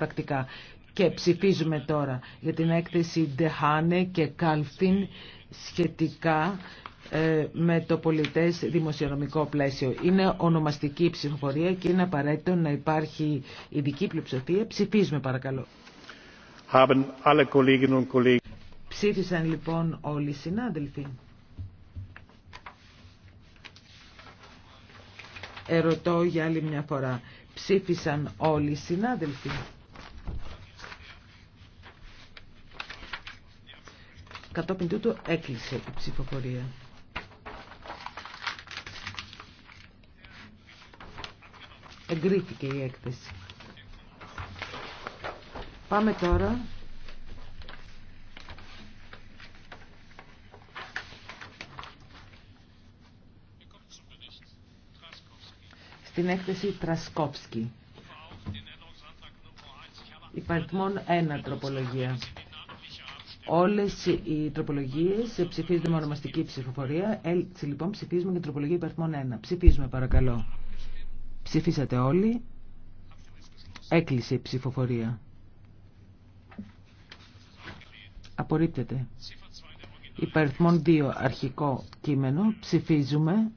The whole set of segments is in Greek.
πρακτικά. Και ψηφίζουμε τώρα για την έκθεση Ντεχάνε και Κάλφιν σχετικά ε, με το πολιτές δημοσιονομικό πλαίσιο. Είναι ονομαστική ψηφοφορία και είναι απαραίτητο να υπάρχει ειδική πλειοψηφία. Ψηφίζουμε παρακαλώ. Ψήφισαν λοιπόν όλοι οι συνάδελφοι. Ερωτώ για άλλη μια φορά. Ψήφισαν όλοι οι συνάδελφοι. Κατόπιν τούτου έκλεισε η ψηφοφορία. Εγκρίθηκε η έκθεση. Πάμε τώρα στην έκθεση Τρασκόψκη. Υπαριθμόν ένα τροπολογία. Όλες οι τροπολογίες ψηφίζονται με ονομαστική ψηφοφορία. Έτσι λοιπόν ψηφίζουμε για τροπολογία υπαριθμών 1. Ψηφίζουμε παρακαλώ. Ψηφίσατε όλοι. Έκλεισε η ψηφοφορία. Απορρίπτεται. Υπαριθμών 2 αρχικό κείμενο. Ψηφίζουμε.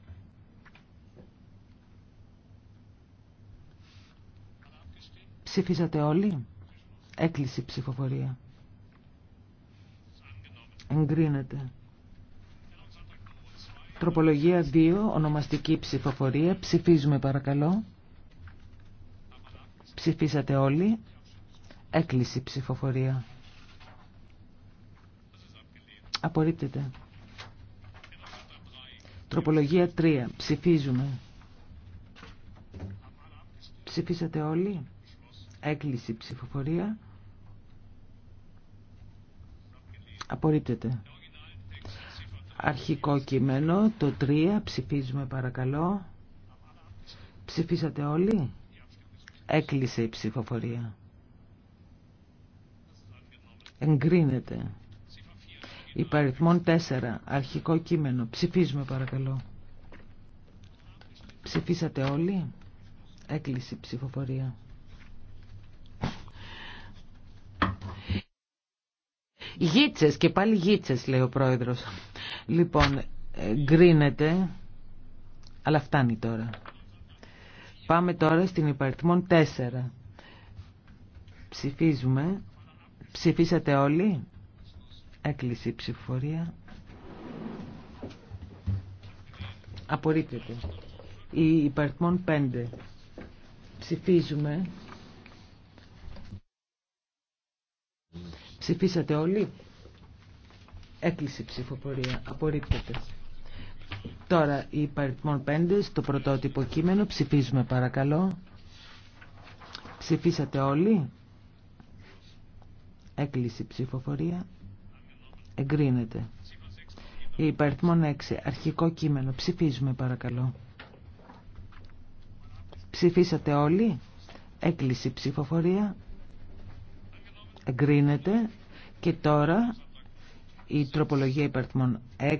Ψηφίσατε όλοι. Έκλεισε η ψηφοφορία. Εγκρίνεται. Τροπολογία 2, ονομαστική ψηφοφορία. Ψηφίζουμε παρακαλώ. Ψηφίσατε όλοι. Έκλειση ψηφοφορία. Απορρίπτεται. Τροπολογία 3. Ψηφίζουμε. Ψηφίσατε όλοι. Έκλειση ψηφοφορία. Απορρίπτεται. Αρχικό κείμενο, το 3, ψηφίζουμε παρακαλώ. Ψηφίσατε όλοι. Έκλεισε η ψηφοφορία. Εγκρίνεται. Υπαριθμόν 4, αρχικό κείμενο. Ψηφίζουμε παρακαλώ. Ψηφίσατε όλοι. Έκλεισε η ψηφοφορία. Γίτσες και πάλι γίτσες λέει ο πρόεδρος. Λοιπόν, γκρίνεται, αλλά φτάνει τώρα. Πάμε τώρα στην υπαριθμόν 4. Ψηφίζουμε. Ψηφίσατε όλοι. Έκλεισε η ψηφοφορία. Απορρίπτεται. Η υπαριθμόν 5. Ψηφίζουμε. Ψηφίσατε όλοι. Έκλεισε η ψηφοφορία. Απορρίπτεται. Τώρα η παριθμόν 5 στο πρωτότυπο κείμενο. Ψηφίζουμε παρακαλώ. Ψηφίσατε όλοι. Έκλεισε η ψηφοφορία. Εγκρίνεται. Η παριθμόν 6. Αρχικό κείμενο. Ψηφίζουμε παρακαλώ. Ψηφίσατε όλοι. Έκλεισε η ψηφοφορία. Εγκρίνεται. Και τώρα η τροπολογία υπερθμών 6.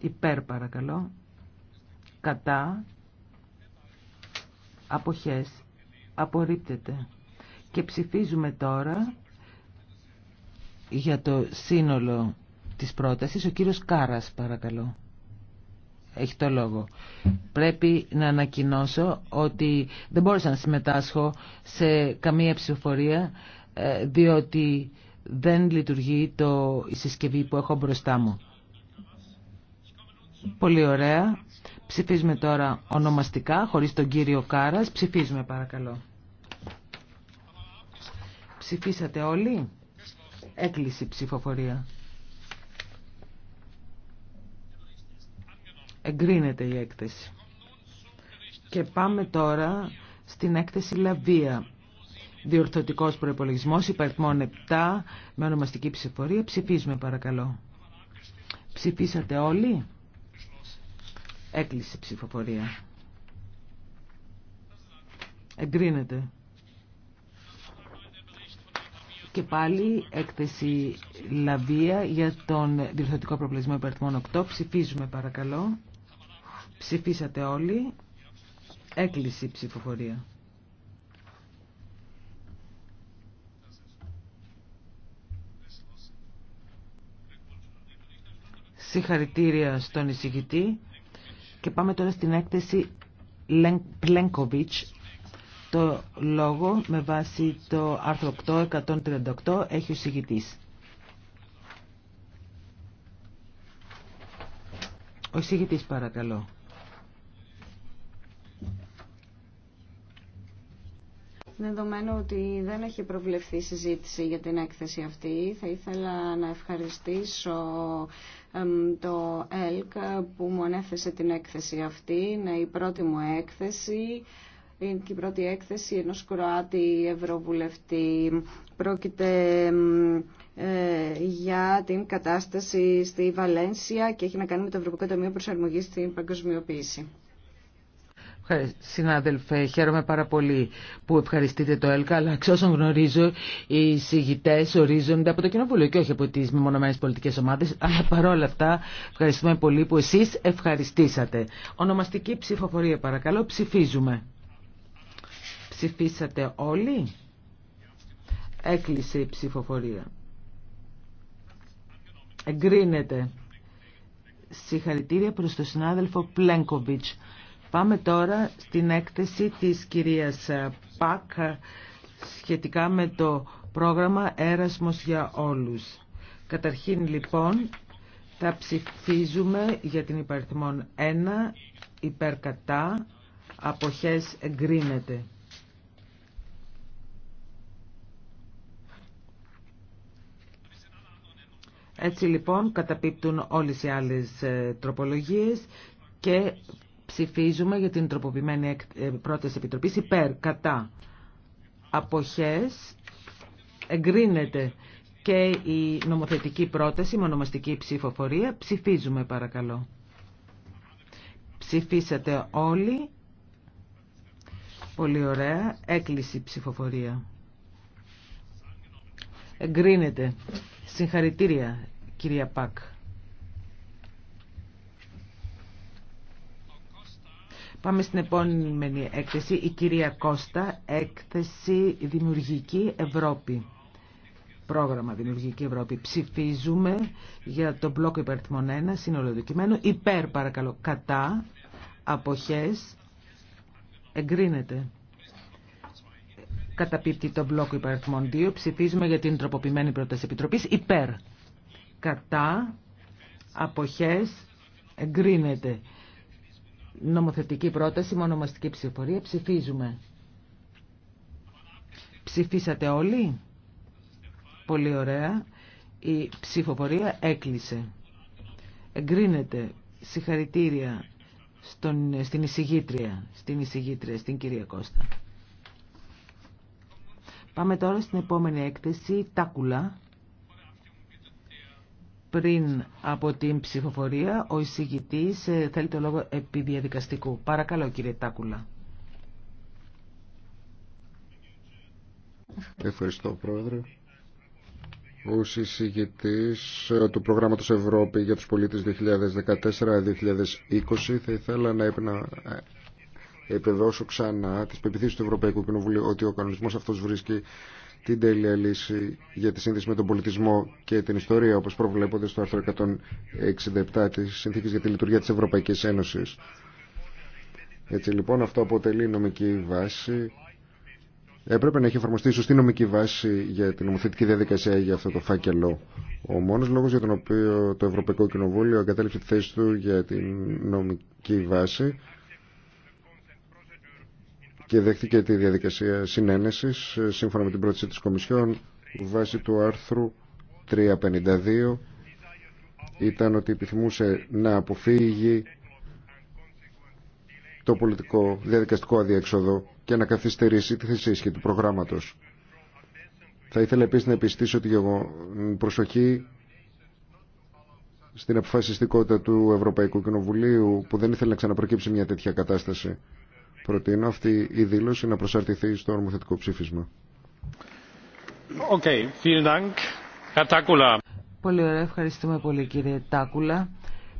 Υπέρ παρακαλώ. Κατά. Αποχές. Απορρίπτεται. Και ψηφίζουμε τώρα για το σύνολο της πρότασης. Ο κύριος Κάρας παρακαλώ έχει το λόγο. Πρέπει να ανακοινώσω ότι δεν μπόρεσα να συμμετάσχω σε καμία ψηφοφορία ε, διότι δεν λειτουργεί το, η συσκευή που έχω μπροστά μου. Πολύ ωραία. Ψηφίζουμε τώρα ονομαστικά, χωρίς τον κύριο Κάρας. Ψηφίζουμε παρακαλώ. Ψηφίσατε όλοι. Έκλεισε η ψηφοφορία. Εγκρίνεται η έκθεση. Και πάμε τώρα στην έκθεση Λαβία. Διορθωτικός προϋπολογισμός υπαριθμών 7 με ονομαστική ψηφοφορία. Ψηφίζουμε παρακαλώ. Ψηφίσατε όλοι. Έκλεισε ψηφοφορία. Εγκρίνεται. Και πάλι έκθεση Λαβία για τον διορθωτικό προπλησμό υπαριθμών 8. Ψηφίζουμε παρακαλώ. Ψηφίσατε όλοι. Έκλεισε η ψηφοφορία. Συγχαρητήρια στον εισηγητή. Και πάμε τώρα στην έκθεση Πλένκοβιτς. Το λόγο με βάση το άρθρο 138 έχει ο εισηγητής. Ο εισηγητής παρακαλώ. Δεδομένου ότι δεν έχει προβλεφθεί συζήτηση για την έκθεση αυτή, θα ήθελα να ευχαριστήσω το ΕΛΚ που μου ανέθεσε την έκθεση αυτή. Είναι η πρώτη μου έκθεση. Είναι και η πρώτη έκθεση ενός Κροάτη Ευρωβουλευτή. Πρόκειται ε, για την κατάσταση στη Βαλένσια και έχει να κάνει με το Ευρωπαϊκό Ταμείο Προσαρμογής στην Παγκοσμιοποίηση. Συνάδελφε, χαίρομαι πάρα πολύ που ευχαριστείτε το ΕΛΚΑ, αλλά εξ όσων γνωρίζω, οι συγητέ ορίζονται από το Κοινοβούλιο και όχι από τι μεμονωμένε πολιτικέ ομάδε. Αλλά παρόλα αυτά, ευχαριστούμε πολύ που εσεί ευχαριστήσατε. Ονομαστική ψηφοφορία, παρακαλώ, ψηφίζουμε. Ψηφίσατε όλοι. Έκλεισε η ψηφοφορία. Εγκρίνεται. Συγχαρητήρια προς τον συνάδελφο Πλένκοβιτς. Πάμε τώρα στην έκθεση της κυρίας Πακ σχετικά με το πρόγραμμα Έρασμος για όλους. Καταρχήν λοιπόν θα ψηφίζουμε για την υπαριθμόν 1 υπερκατά αποχές εγκρίνεται. Έτσι λοιπόν καταπίπτουν όλες οι άλλες ε, τροπολογίες και Ψηφίζουμε για την τροποποιημένη ε, πρόταση επιτροπής υπέρ, κατά, αποχές, εγκρίνεται και η νομοθετική πρόταση, η μονομαστική ψηφοφορία. Ψηφίζουμε παρακαλώ. Ψηφίσατε όλοι. Πολύ ωραία. Έκλειση ψηφοφορία. Εγκρίνεται. Συγχαρητήρια, κυρία Πακ. Πάμε στην επόμενη έκθεση, η κυρία Κώστα, έκθεση Δημιουργική Ευρώπη. Πρόγραμμα Δημιουργική Ευρώπη. Ψηφίζουμε για τον μπλοκ υπερθμών 1, σύνολο Υπέρ παρακαλώ, κατά, αποχές, εγκρίνεται. Καταπίπτει τον μπλοκ υπερθμών 2. Ψηφίζουμε για την τροποποιημένη πρόταση επιτροπής. Υπέρ, κατά, αποχές, εγκρίνεται νομοθετική πρόταση με ονομαστική ψηφορία. Ψηφίζουμε. Ψηφίσατε όλοι. Πολύ ωραία. Η ψηφοφορία έκλεισε. Εγκρίνεται. Συγχαρητήρια στον, στην εισηγήτρια, στην εισηγήτρια, στην κυρία Κώστα. Πάμε τώρα στην επόμενη έκθεση, Τάκουλα πριν από την ψηφοφορία ο εισηγητής ε, θέλει το λόγο επιδιαδικαστικού. Παρακαλώ κύριε Τάκουλα. Ευχαριστώ πρόεδρε. Ο εισηγητής ε, του προγράμματος Ευρώπη για τους πολίτες 2014-2020 θα ήθελα να ε, επιβεβαιώσω ξανά τις πεπιθήσεις του Ευρωπαϊκού Κοινοβουλίου ότι ο κανονισμός αυτός βρίσκει την τέλεια λύση για τη σύνδεση με τον πολιτισμό και την ιστορία όπως προβλέπονται στο άρθρο 167 της Συνθήκης για τη Λειτουργία της Ευρωπαϊκής Ένωσης. Έτσι λοιπόν αυτό αποτελεί νομική βάση. Έπρεπε να έχει εφαρμοστεί σωστή νομική βάση για την νομοθετική διαδικασία για αυτό το φάκελο. Ο μόνο λόγο για τον οποίο το Ευρωπαϊκό Κοινοβούλιο εγκατέλειψε τη θέση του για την νομική βάση και δέχτηκε τη διαδικασία συνένεσης ε, σύμφωνα με την πρόταση της Κομισιόν βάσει του άρθρου 352 ήταν ότι επιθυμούσε να αποφύγει το πολιτικό διαδικαστικό αδιέξοδο και να καθυστερήσει τη θέση του προγράμματος. Θα ήθελα επίσης να επιστήσω την προσοχή στην αποφασιστικότητα του Ευρωπαϊκού Κοινοβουλίου που δεν ήθελε να ξαναπροκύψει μια τέτοια κατάσταση Προτείνω αυτή η δήλωση να προσαρτηθεί στο νομοθετικό ψήφισμα. Okay, vielen Dank. Πολύ ωραία, ευχαριστούμε πολύ κύριε Τάκουλα.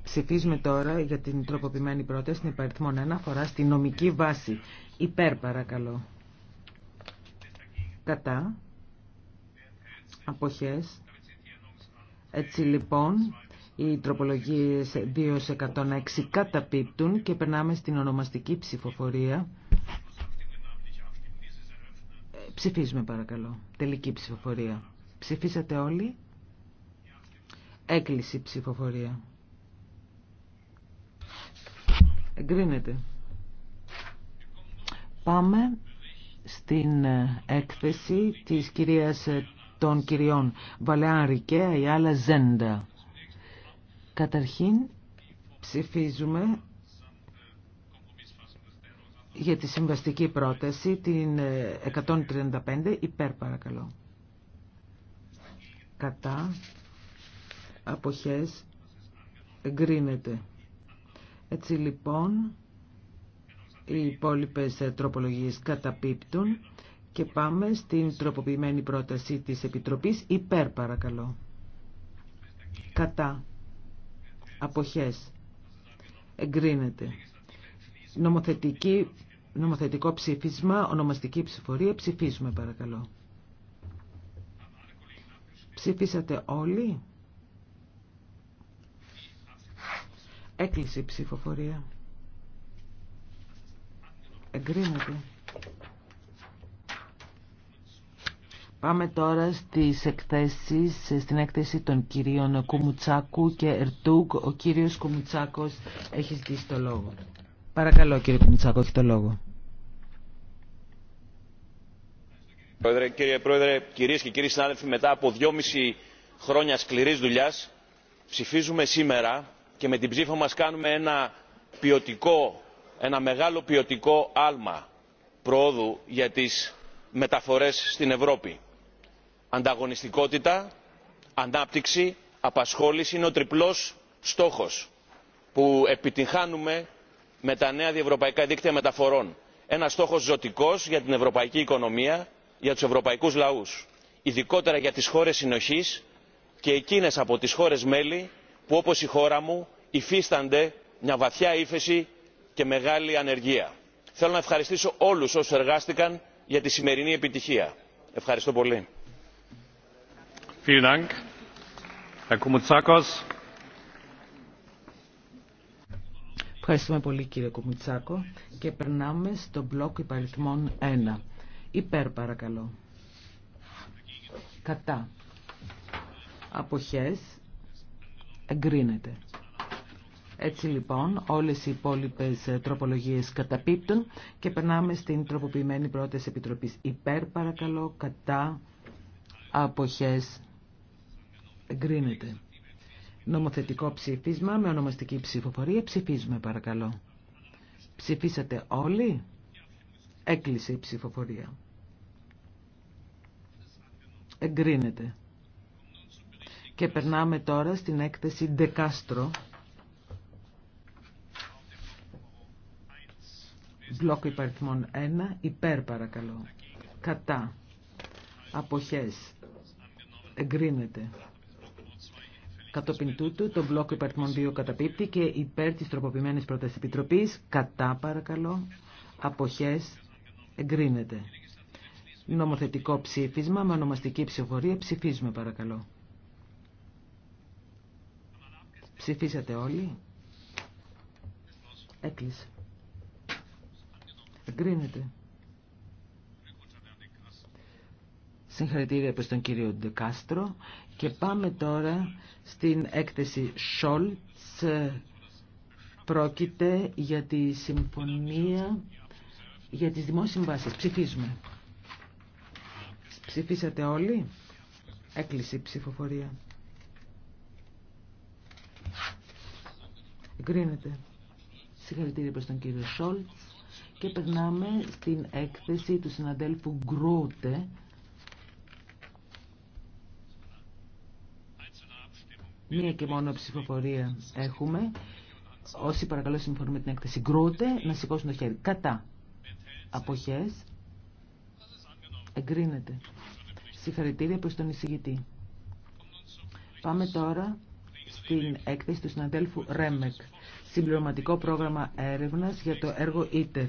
Ψηφίζουμε τώρα για την τροποποιημένη πρόταση στην υπαριθμόν φορά στη νομική βάση. Υπέρ παρακαλώ. Κατά. Αποχές. Έτσι λοιπόν οι τροπολογίες 2-106 καταπίπτουν και περνάμε στην ονομαστική ψηφοφορία. Ψηφίζουμε παρακαλώ. Τελική ψηφοφορία. Ψηφίσατε όλοι. Έκλειση ψηφοφορία. Εγκρίνεται. Πάμε στην ε, έκθεση της κυρίας ε, των κυριών Βαλεάν Ρικέα ή άλλα Ζέντα. Καταρχήν ψηφίζουμε για τη συμβαστική πρόταση την 135 ε, υπέρ παρακαλώ. Κατά αποχές εγκρίνεται. Έτσι λοιπόν οι υπόλοιπε ε, τροπολογίες καταπίπτουν και πάμε στην τροποποιημένη πρόταση της Επιτροπής υπέρ παρακαλώ. Κατά αποχές εγκρίνεται. νομοθετικό ψήφισμα, ονομαστική ψηφοφορία. ψηφίζουμε παρακαλώ. Ψηφίσατε όλοι. Έκλεισε η ψηφοφορία. Εγκρίνεται. Πάμε τώρα στις εκθέσεις, στην έκθεση των κυρίων Κουμουτσάκου και Ερτούγκ. Ο κύριος Κουμουτσάκος έχει ζητήσει το λόγο. Παρακαλώ κύριε Κουμουτσάκο, έχει το λόγο. Πρόεδρε, κύριε Πρόεδρε, κυρίες και κύριοι συνάδελφοι, μετά από δυόμιση χρόνια σκληρής δουλειάς, ψηφίζουμε σήμερα και με την ψήφα μας κάνουμε ένα ποιοτικό, ένα μεγάλο ποιοτικό άλμα προόδου για τις μεταφορές στην Ευρώπη ανταγωνιστικότητα ανάπτυξη απασχόληση είναι ο τριπλός στόχος που επιτυγχάνουμε με τα νέα διευρωπαϊκά δίκτυα μεταφορών. ένας στόχος ζωτικός για την ευρωπαϊκή οικονομία για τους ευρωπαϊκούς λαούς ειδικότερα για τις χώρες συνοχής και εκείνες από τις χώρες μέλη που όπως η χώρα μου υφίστανται μια βαθιά ύφεση και μεγάλη ανεργία. θέλω να ευχαριστήσω όλους όσους εργάστηκαν για τη σημερινή επιτυχία. ευχαριστώ πολύ. Ευχαριστούμε πολύ κύριε Κουμουτσάκο και περνάμε στο μπλοκ υπαριθμών 1. Υπέρ παρακαλώ. Κατά. Αποχές. Εγκρίνεται. Έτσι λοιπόν όλες οι υπόλοιπες ε, τροπολογίες καταπίπτουν και περνάμε στην τροποποιημένη πρόταση επιτροπής. Υπέρ παρακαλώ. Κατά. Αποχές. Εγκρίνεται. Νομοθετικό ψήφισμα με ονομαστική ψηφοφορία. Ψηφίζουμε παρακαλώ. Ψηφίσατε όλοι. Έκλεισε η ψηφοφορία. Εγκρίνεται. Και περνάμε τώρα στην έκθεση Δεκάστρο. Μπλοκ υπαριθμών 1. Υπέρ παρακαλώ. Κατά. Αποχές. Εγκρίνεται. Κατόπιν τούτου, το μπλοκ υπαρτιμών 2 καταπίπτει και υπέρ τη τροποποιημένη πρότασης επιτροπή, κατά παρακαλώ, Αποχέ. εγκρίνεται. Νομοθετικό ψήφισμα με ονομαστική ψηφοφορία ψηφίζουμε παρακαλώ. Ψηφίσατε όλοι. Έκλεισε. Εγκρίνεται. Συγχαρητήρια προς τον κύριο Ντεκάστρο. Και πάμε τώρα στην έκθεση Scholz. Πρόκειται για τη συμφωνία για τις δημόσιες συμβάσεις. Ψηφίζουμε. Ψηφίσατε όλοι. Έκλεισε η ψηφοφορία. Εγκρίνεται. Συγχαρητήρια προς τον κύριο Σόλτ. Και περνάμε στην έκθεση του συναδέλφου Γκρούτε. Μία και μόνο ψηφοφορία έχουμε. Όσοι παρακαλώ συμφωνούν με την έκθεση Γκρούτε, να σηκώσουν το χέρι. Κατά. Αποχές. Εγκρίνεται. Συγχαρητήρια προς τον εισηγητή. Πάμε τώρα στην έκθεση του συναδέλφου Ρέμεκ. Συμπληρωματικό πρόγραμμα έρευνας για το έργο ΙΤΕΡ.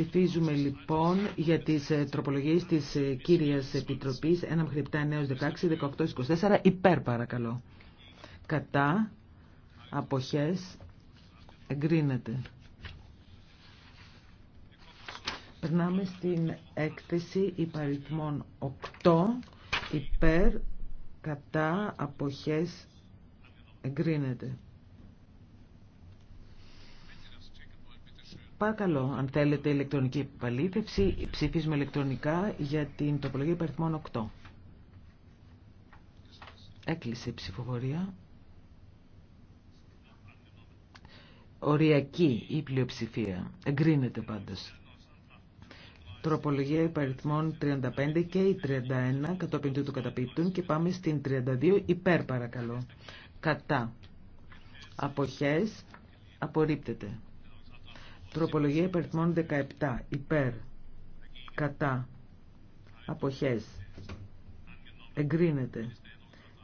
Ψηφίζουμε λοιπόν για τι ε, τροπολογίε τη ε, κυρία Επιτροπής 1, 7, 9, 16, 18, 24 υπέρ παρακαλώ. Κατά απόχέ εγκρίνεται. Περνάμε στην έκθεση υπαριθμών 8 υπέρ κατά αποχές εγκρίνεται. Παρακαλώ, αν θέλετε ηλεκτρονική επαλήθευση, ψηφίζουμε ηλεκτρονικά για την τοπολογία υπαριθμών 8. Έκλεισε η ψηφοφορία. Οριακή η πλειοψηφία. Εγκρίνεται πάντως. Τροπολογία υπαριθμών 35 και η 31 κατόπιν του καταπίπτουν και πάμε στην 32 υπέρ παρακαλώ. Κατά. Αποχές απορρίπτεται. Τροπολογία υπερθμών 17. Υπέρ. Κατά. Αποχές. Εγκρίνεται.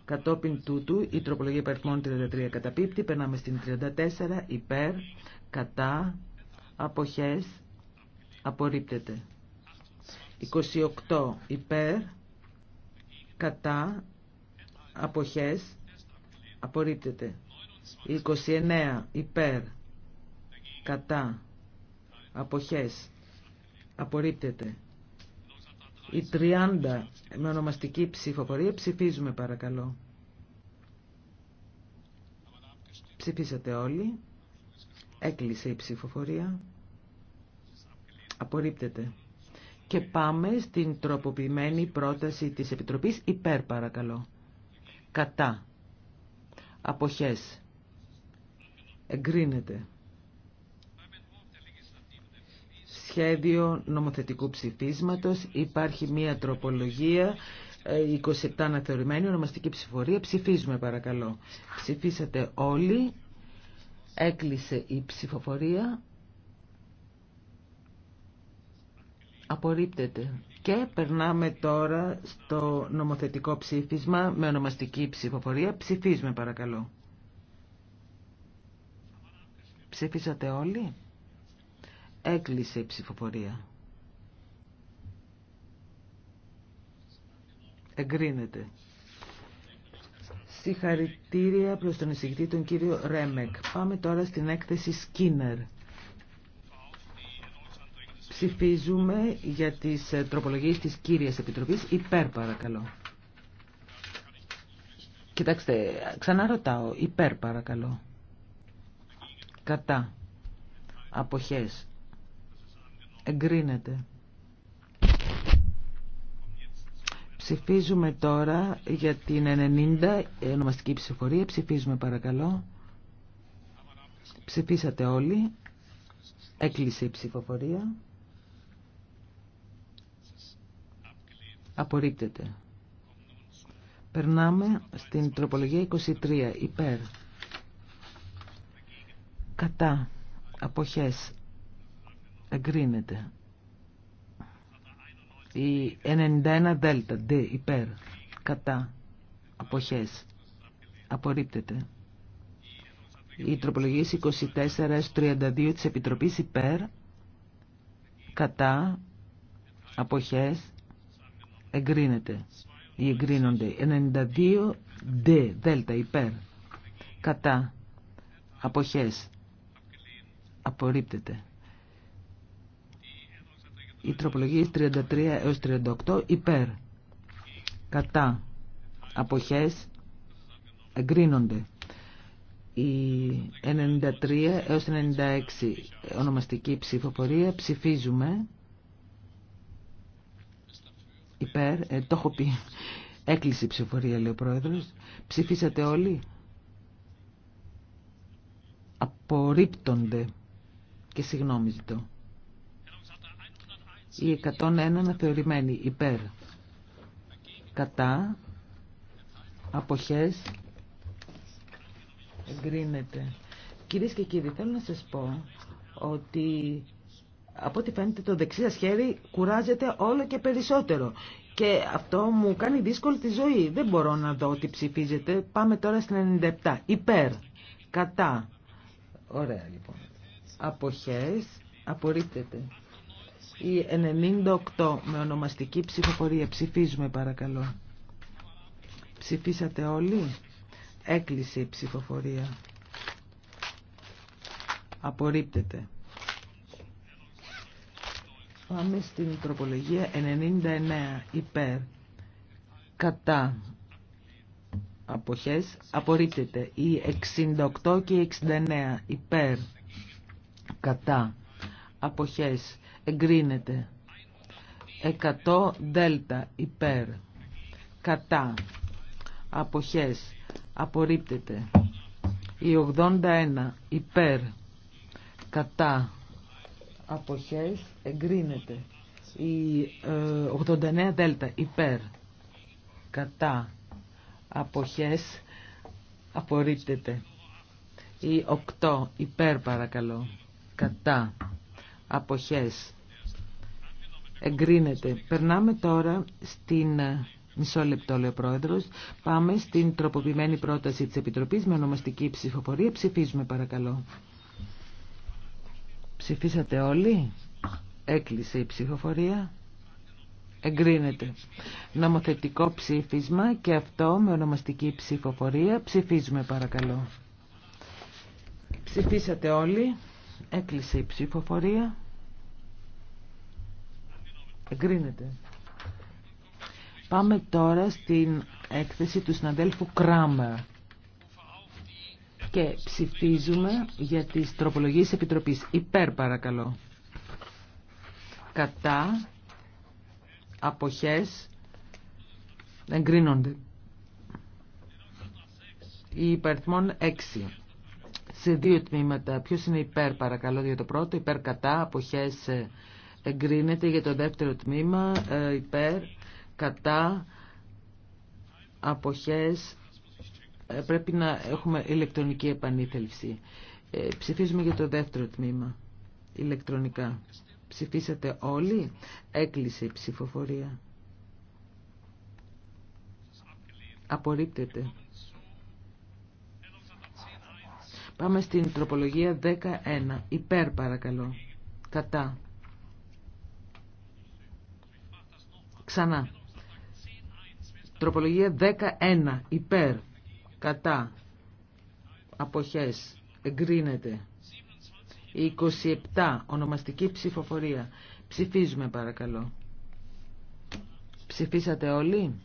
Κατόπιν τούτου η τροπολογία υπερθμών 33 καταπίπτει. Περνάμε στην 34. Υπέρ. Κατά. Αποχές. Απορρίπτεται. 28. Υπέρ. Κατά. Αποχές. Απορρίπτεται. 29. Υπέρ. Κατά αποχές απορρίπτεται η 30 με ονομαστική ψηφοφορία ψηφίζουμε παρακαλώ ψηφίσατε όλοι έκλεισε η ψηφοφορία απορρίπτεται και πάμε στην τροποποιημένη πρόταση της Επιτροπής υπέρ παρακαλώ κατά αποχές εγκρίνεται σχέδιο νομοθετικού ψηφίσματος. Υπάρχει μία τροπολογία, 27 ε, αναθεωρημένη, ονομαστική ψηφορία. Ψηφίζουμε παρακαλώ. Ψηφίσατε όλοι. Έκλεισε η ψηφοφορία. Απορρίπτεται. Και περνάμε τώρα στο νομοθετικό ψήφισμα με ονομαστική ψηφοφορία. Ψηφίζουμε παρακαλώ. Ψήφισατε όλοι. Έκλεισε η ψηφοφορία. Εγκρίνεται. Συγχαρητήρια προς τον εισηγητή τον κύριο Ρέμεκ. Πάμε τώρα στην έκθεση Σκίνερ. Ψηφίζουμε για τις ε, τροπολογίες της κύριας επιτροπής. Υπέρ παρακαλώ. Κοιτάξτε, ξαναρωτάω. Υπέρ παρακαλώ. Κατά. Αποχές. Εγκρίνεται. Ψηφίζουμε τώρα για την 90 ονομαστική ψηφοφορία. Ψηφίζουμε παρακαλώ. Ψηφίσατε όλοι. Έκλεισε η ψηφοφορία. Απορρίπτεται. Περνάμε στην τροπολογία 23. Υπέρ. Κατά. Αποχές εγκρίνεται. Η 91 δέλτα, ντε, υπέρ, κατά, αποχές, απορρίπτεται. Η τροπολογίες 24-32 της Επιτροπής υπέρ, κατά, αποχές, εγκρίνεται ή εγκρίνονται. 92 D, δέλτα, υπέρ, κατά, αποχές, απορρίπτεται. Η τροπολογία 33 έως 38 υπέρ. Κατά. Αποχές εγκρίνονται. Η 93 έως 96 ονομαστική ψηφοφορία ψηφίζουμε υπέρ, ε, το έχω πει, έκλεισε η ψηφοφορία λέει ο πρόεδρος, ψηφίσατε όλοι, απορρίπτονται και συγγνώμη ζητώ. Η 101 αναθεωρημένη υπέρ. Κατά. Αποχές. Εγκρίνεται. Κυρίε και κύριοι, θέλω να σας πω ότι από ό,τι φαίνεται το δεξί χέρι κουράζεται όλο και περισσότερο. Και αυτό μου κάνει δύσκολη τη ζωή. Δεν μπορώ να δω ότι ψηφίζετε. Πάμε τώρα στην 97. Υπέρ. Κατά. Ωραία λοιπόν. Αποχές. Απορρίπτεται ή 98 με ονομαστική ψηφοφορία. Ψηφίζουμε παρακαλώ. Ψηφίσατε όλοι. Έκλεισε η ψηφοφορία. Απορρίπτεται. Πάμε στην τροπολογία 99 υπέρ κατά αποχές απορρίπτεται η 68 και η 69 υπέρ κατά αποχές εγκρίνεται. 100 δέλτα υπέρ κατά αποχές απορρίπτεται. Η 81 υπέρ κατά αποχές εγκρίνεται. Η 89 ε, δέλτα υπέρ κατά αποχές απορρίπτεται. Η 8 υπέρ παρακαλώ κατά αποχές εγκρίνεται. Περνάμε τώρα στην ε, μισό λεπτό λέει Πρόεδρος. Πάμε στην τροποποιημένη πρόταση της Επιτροπής με ονομαστική ψηφοφορία. Ψηφίζουμε παρακαλώ. Ψηφίσατε όλοι. Έκλεισε η ψηφοφορία. Εγκρίνεται. Νομοθετικό ψήφισμα και αυτό με ονομαστική ψηφοφορία. Ψηφίζουμε παρακαλώ. Ψηφίσατε όλοι. Έκλεισε η ψηφοφορία. Εγκρίνεται. Πάμε τώρα στην έκθεση του συναδέλφου Κράμερ και ψηφίζουμε για τις τροπολογίες επιτροπής. Υπέρ παρακαλώ. Κατά αποχές εγκρίνονται. Η 6 σε δύο τμήματα. Ποιο είναι υπέρ παρακαλώ για το πρώτο, υπέρ κατά, αποχές ε, εγκρίνεται για το δεύτερο τμήμα, ε, υπέρ κατά, αποχές ε, πρέπει να έχουμε ηλεκτρονική επανήθευση. ψηφίζουμε για το δεύτερο τμήμα, ηλεκτρονικά. Ψηφίσατε όλοι, έκλεισε η ψηφοφορία. Απορρίπτεται. Πάμε στην τροπολογία 11. Υπέρ παρακαλώ. Κατά. Ξανά. Τροπολογία 11. Υπέρ. Κατά. Αποχές. Εγκρίνεται. 27. Ονομαστική ψηφοφορία. Ψηφίζουμε παρακαλώ. Ψηφίσατε όλοι.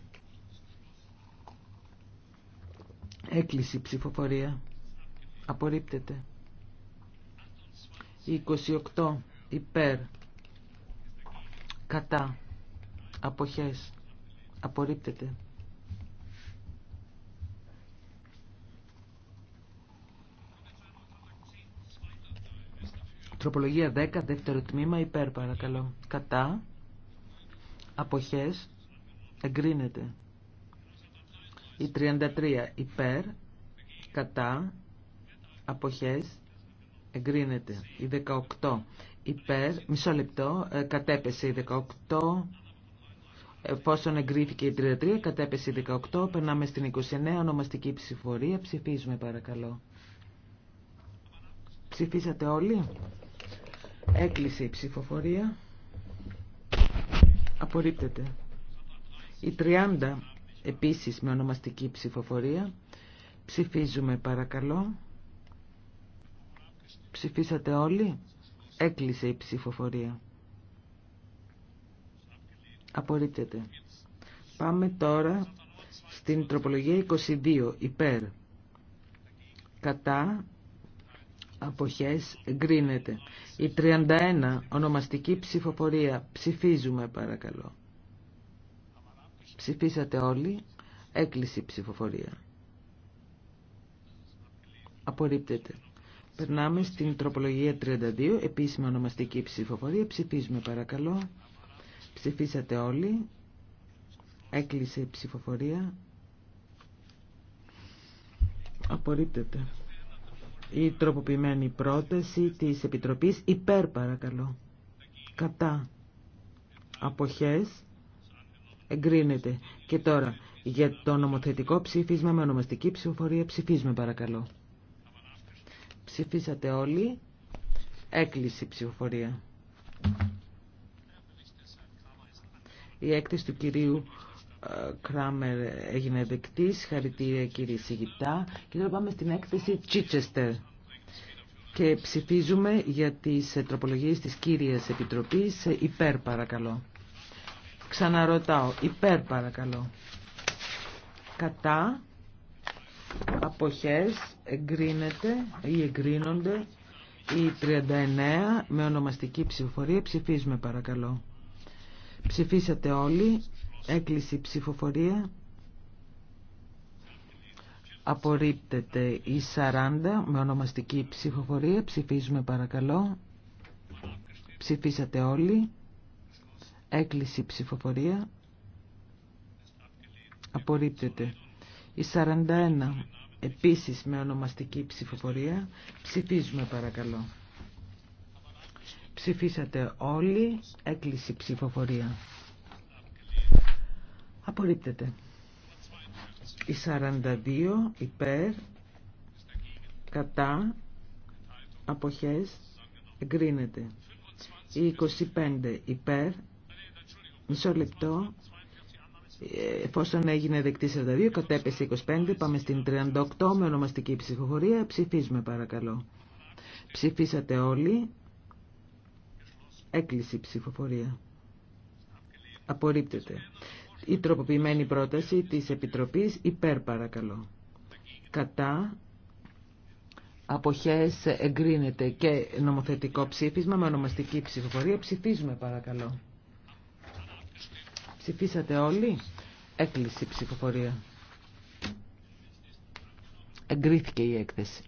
Έκλειση ψηφοφορία. Απορρίπτεται. 28 υπέρ. Κατά. Αποχές. Απορρίπτεται. Τροπολογία 10, δεύτερο τμήμα, υπέρ παρακαλώ. Κατά, αποχές, εγκρίνεται. Η 33, υπέρ, κατά, αποχές εγκρίνεται η 18 υπέρ μισό λεπτό ε, κατέπεσε η 18 εφόσον εγκρίθηκε η 33 κατέπεσε η 18 περνάμε στην 29 ονομαστική ψηφορία ψηφίζουμε παρακαλώ ψηφίσατε όλοι έκλεισε η ψηφοφορία απορρίπτεται η 30 επίσης με ονομαστική ψηφοφορία ψηφίζουμε παρακαλώ Ψηφίσατε όλοι. Έκλεισε η ψηφοφορία. Απορρίπτεται. Πάμε τώρα στην τροπολογία 22. Υπέρ. Κατά. Αποχές εγκρίνεται. Η 31. Ονομαστική ψηφοφορία. Ψηφίζουμε παρακαλώ. Ψηφίσατε όλοι. Έκλεισε η ψηφοφορία. Απορρίπτεται. Περνάμε στην τροπολογία 32, επίσημα ονομαστική ψηφοφορία. Ψηφίζουμε παρακαλώ. Ψηφίσατε όλοι. Έκλεισε η ψηφοφορία. Απορρίπτεται. Η τροποποιημένη πρόταση της Επιτροπής υπέρ παρακαλώ. Κατά. Αποχές. Εγκρίνεται. Και τώρα για το νομοθετικό ψήφισμα με ονομαστική ψηφοφορία ψηφίζουμε παρακαλώ. Ψηφίσατε όλοι. Έκλεισε η ψηφοφορία. Η έκθεση του κυρίου ε, Κράμερ έγινε δεκτή. Συγχαρητήρια κύριε Σιγητά. Και τώρα πάμε στην έκθεση Τσίτσεστερ. Και ψηφίζουμε για τις τροπολογίες της κύριας Επιτροπής. Υπέρ παρακαλώ. Ξαναρωτάω. Υπέρ παρακαλώ. Κατά αποχές εγκρίνεται ή εγκρίνονται η 39 με ονομαστική ψηφοφορία. Ψηφίζουμε παρακαλώ. Ψηφίσατε όλοι. η ψηφοφορία. Απορρίπτεται η 40 με ονομαστική ψηφοφορία. Ψηφίζουμε παρακαλώ. Ψηφίσατε όλοι. η ψηφοφορία. Απορρίπτεται. Η 41 επίσης με ονομαστική ψηφοφορία. Ψηφίζουμε παρακαλώ. Ψηφίσατε όλοι. Έκλειση ψηφοφορία. Απορρίπτεται. Η 42 υπέρ κατά αποχές εγκρίνεται. Η 25 υπέρ μισό λεπτό Εφόσον έγινε δεκτή 42, κατέπεσε 25, πάμε στην 38 με ονομαστική ψηφοφορία. Ψηφίζουμε παρακαλώ. Ψηφίσατε όλοι. Έκλεισε η ψηφοφορία. Απορρίπτεται. Η τροποποιημένη πρόταση της Επιτροπής υπέρ παρακαλώ. Κατά αποχές εγκρίνεται και νομοθετικό ψήφισμα με ονομαστική ψηφοφορία. Ψηφίζουμε παρακαλώ. Ψηφίσατε όλοι. Έκλεισε η ψηφοφορία. Εγκρίθηκε η έκθεση.